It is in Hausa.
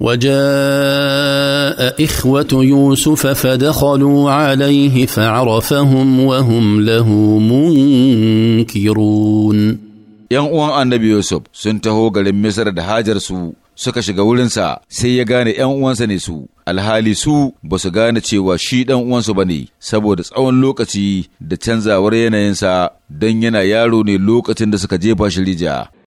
وجاء إخوة يوسف فدخلوا عليه فعرفهم وهم له منكرون ‘Yan uwan annabi Yusuf sun taho garin Misar da hajar su suka shiga wurinsa sai ya gane ‘yan uwansa ne su, alhali su ba su gane cewa shi ɗan uwansu ba ne, saboda tsawon lokaci da canzawar yanayinsa don yana yaro ne lokacin da suka jefa shi rija.